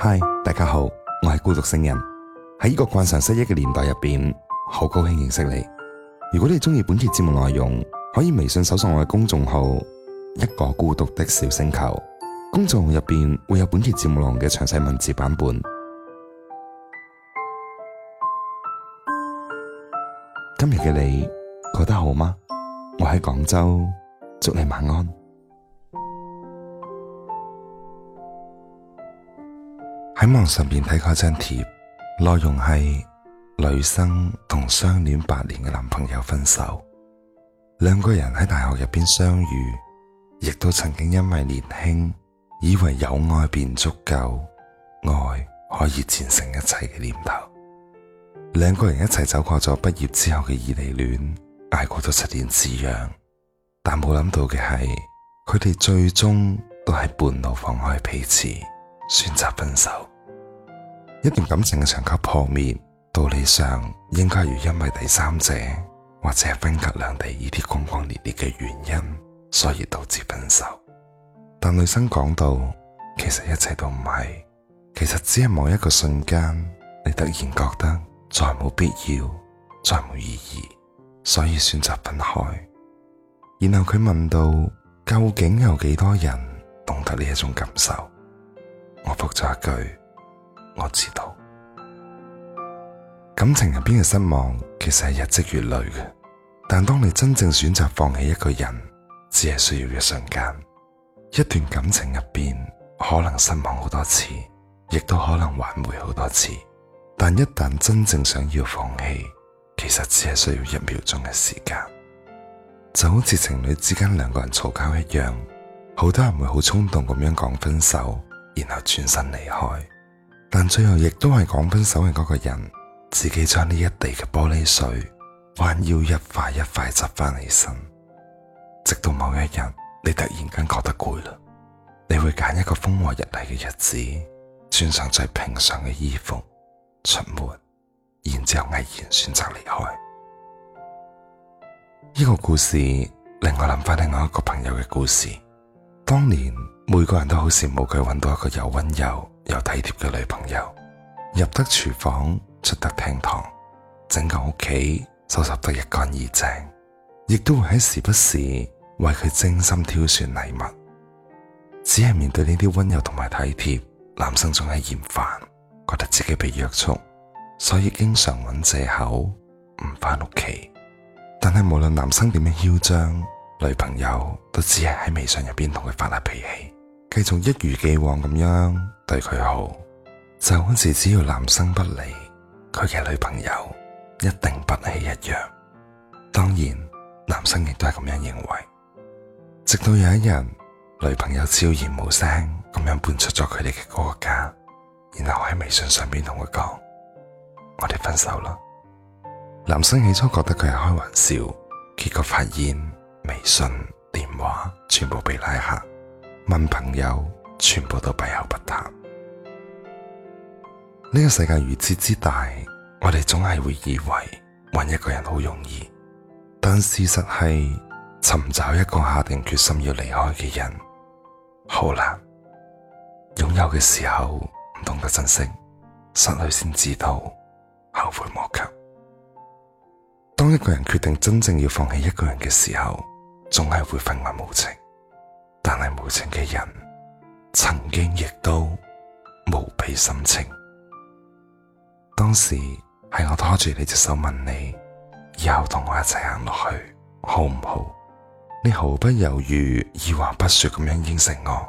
嗨，Hi, 大家好，我係孤獨星人。喺呢個慣常失憶嘅年代入邊，好高興認識你。如果你中意本期節目內容，可以微信搜索我嘅公眾號一個孤獨的小星球。公眾號入邊會有本期節目內容嘅詳細文字版本。今日嘅你覺得好嗎？我喺廣州，祝你晚安。喺網上面睇過一張貼，內容係女生同相戀八年嘅男朋友分手。兩個人喺大學入邊相遇，亦都曾經因為年輕，以為有愛便足夠，愛可以戰勝一切嘅念頭。兩個人一齊走過咗畢業之後嘅異地戀，挨過咗七年之癢，但冇諗到嘅係，佢哋最終都係半路放開彼此。選擇分手，一段感情嘅長久破滅，道理上應該係因為第三者或者係分隔兩地，呢啲轟轟烈烈嘅原因，所以導致分手。但女生講到，其實一切都唔係，其實只係某一個瞬間，你突然覺得再冇必要，再冇意義，所以選擇分開。然後佢問到，究竟有幾多人懂得呢一種感受？我復咗一句，我知道感情入邊嘅失望其實係日積月累嘅，但當你真正選擇放棄一個人，只係需要一瞬間。一段感情入邊可能失望好多次，亦都可能挽回好多次，但一旦真正想要放棄，其實只係需要一秒鐘嘅時間。就好似情侶之間兩個人嘈交一樣，好多人會好衝動咁樣講分手。然後轉身離開，但最後亦都係講分手嘅嗰個人，自己將呢一地嘅玻璃碎，彎腰一塊一塊執翻起身，直到某一日你突然間覺得攰啦，你會揀一個風和日麗嘅日子，穿上最平常嘅衣服出門，然之後毅然選擇離開。呢個故事令我諗翻另外一個朋友嘅故事，當年。每個人都好羨慕佢揾到一個又溫柔又體貼嘅女朋友，入得廚房，出得廳堂，整個屋企收拾得一乾二淨，亦都會喺時不時為佢精心挑選禮物。只係面對呢啲溫柔同埋體貼，男生仲係嫌煩，覺得自己被約束，所以經常揾借口唔翻屋企。但係無論男生點樣囂張，女朋友都只係喺微信入邊同佢發下脾氣。佢仲一如既往咁樣對佢好，就好似只要男生不離，佢嘅女朋友一定不棄一樣。當然，男生亦都係咁樣認為。直到有一日，女朋友悄然無聲咁樣搬出咗佢哋嘅嗰個家，然後喺微信上面同佢講：我哋分手啦。男生起初覺得佢係開玩笑，結果發現微信、電話全部被拉黑。問朋友，全部都閉口不答。呢個世界如此之大，我哋總係會以為揾一個人好容易，但事實係尋找一個下定決心要離開嘅人好難。擁有嘅時候唔懂得珍惜，失去先知道後悔莫及。當一個人決定真正要放棄一個人嘅時候，總係會分外無情。但係無情嘅人，曾經亦都無比深情。當時係我拖住你隻手問你，以後同我一齊行落去，好唔好？你毫不猶豫、二話不說咁樣應承我。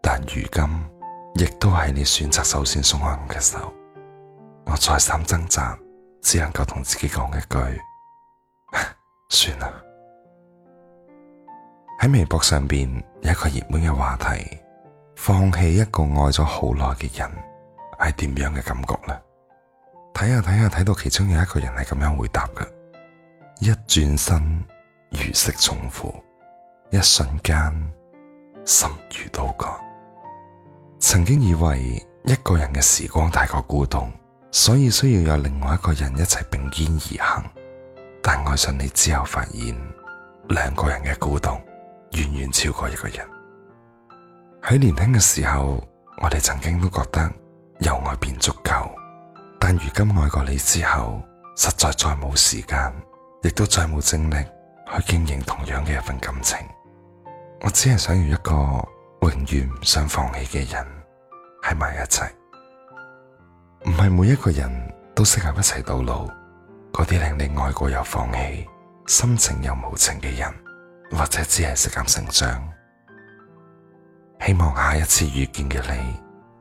但如今，亦都係你選擇首先鬆開我嘅手。我再三掙扎，只能夠同自己講一句：算啦。喺微博上邊有一個熱門嘅話題，放棄一個愛咗好耐嘅人係點樣嘅感覺呢？睇下睇下睇到其中有一個人係咁樣回答嘅：一轉身如釋重負，一瞬間心如刀割。曾經以為一個人嘅時光太過孤獨，所以需要有另外一個人一齊並肩而行。但愛上你之後，發現兩個人嘅孤獨。遠遠超過一個人。喺年輕嘅時候，我哋曾經都覺得有愛便足夠。但如今愛過你之後，實在再冇時間，亦都再冇精力去經營同樣嘅一份感情。我只係想要一個永遠唔想放棄嘅人喺埋一齊。唔係每一個人都適合一齊到老。嗰啲令你愛過又放棄、心情又無情嘅人。或者只係適咁成長，希望下一次遇見嘅你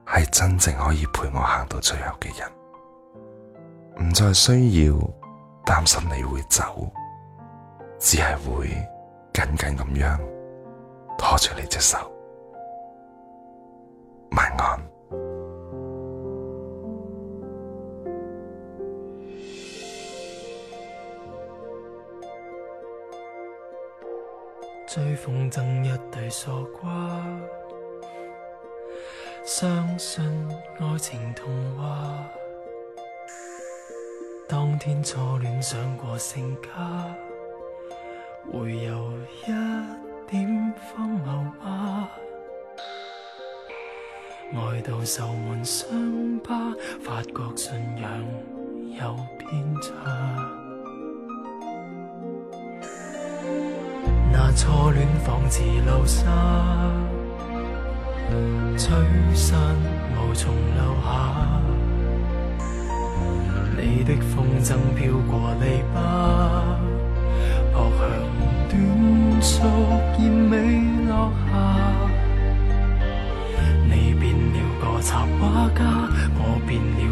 係真正可以陪我行到最後嘅人，唔再需要擔心你會走，只係會緊緊咁樣拖住你隻手，晚安。追風箏一對傻瓜，相信愛情童話。當天初戀想過成家，會有一點荒謬嗎？愛到受滿傷疤，發覺信仰有偏差。初戀仿似流沙，吹散無從留下。你的風箏飄過籬笆，撲向短促葉未落下。你變了個插畫家，我變了。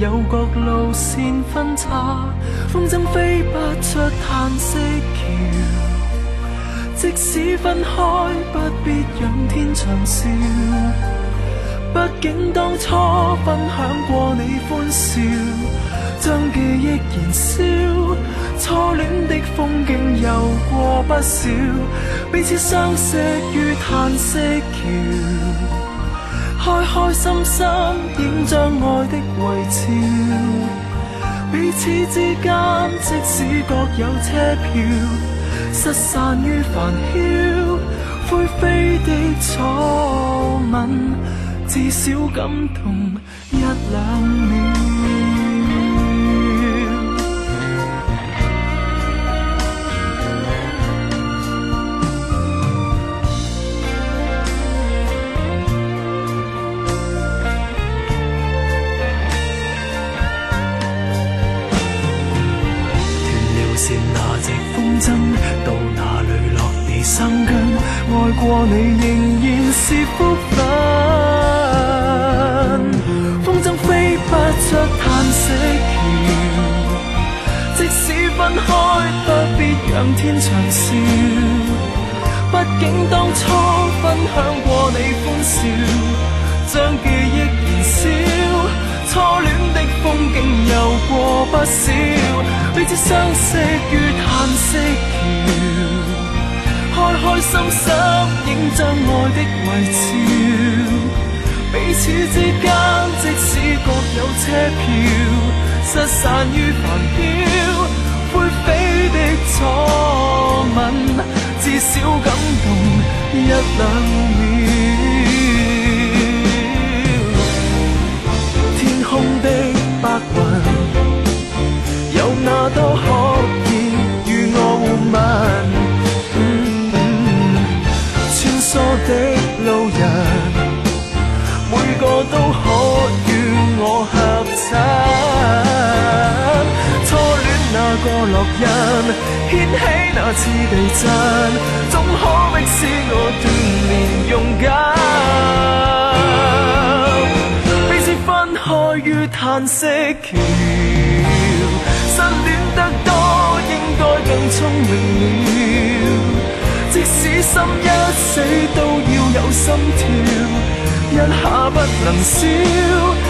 有各路線分岔，風箏飛不出嘆息橋。即使分開，不必仰天長嘯。畢竟當初分享過你歡笑，將記憶燃燒。初戀的風景有過不少，彼此相識於嘆息橋。開開心心，影張愛的遺照。彼此之間，即使各有車票，失散於繁囂，灰飛的初吻，至少感動一兩秒。到哪裏落地生根，愛過你仍然是福分。風箏飛不出嘆息橋，即使分開不必仰天長嘯，畢竟當初分享過你歡笑，將記憶燃燒。初戀的風景有過不少，彼此相識於嘆息橋，開開心心影張愛的遺照，彼此之間即使各有車票，失散於繁囂，灰飛的初吻，至少感動一兩。個烙印掀起那次地震，總可迫使我鍛鍊勇敢。彼此分開於嘆息橋，失戀得多，應該更聰明了。即使心一死，都要有心跳，一下不能少。.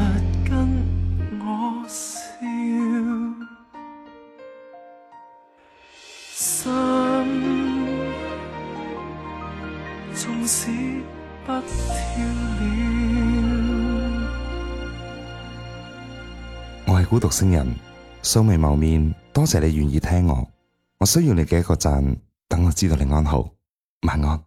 心縱使不跳了，我係孤獨星人，素未謀面，多謝你願意聽我，我需要你嘅一個讚，等我知道你安好，晚安。